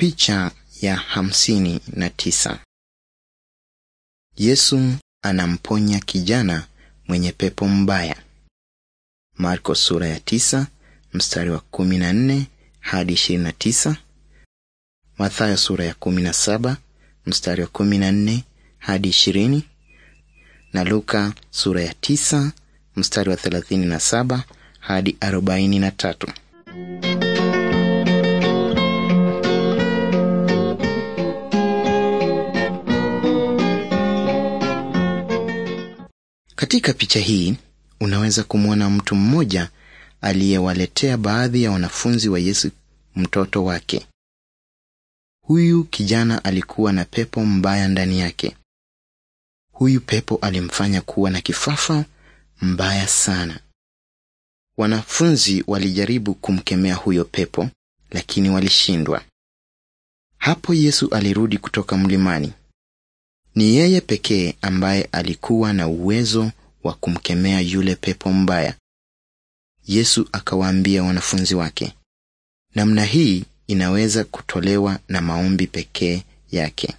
Picha ya hamsini na tisa. Yesu anamponya kijana mwenye pepo mbaya. Marko sura ya tisa, mstari wa kumi na nne hadi ishirini na tisa. Mathayo sura ya kumi na saba, mstari wa kumi na nne hadi ishirini na Luka sura ya tisa, mstari wa thelathini na saba hadi arobaini na tatu. Katika picha hii unaweza kumwona mtu mmoja aliyewaletea baadhi ya wanafunzi wa Yesu mtoto wake. Huyu kijana alikuwa na pepo mbaya ndani yake. Huyu pepo alimfanya kuwa na kifafa mbaya sana. Wanafunzi walijaribu kumkemea huyo pepo, lakini walishindwa. Hapo Yesu alirudi kutoka mlimani. Ni yeye pekee ambaye alikuwa na uwezo wa kumkemea yule pepo mbaya. Yesu akawaambia wanafunzi wake, namna hii inaweza kutolewa na maombi pekee yake.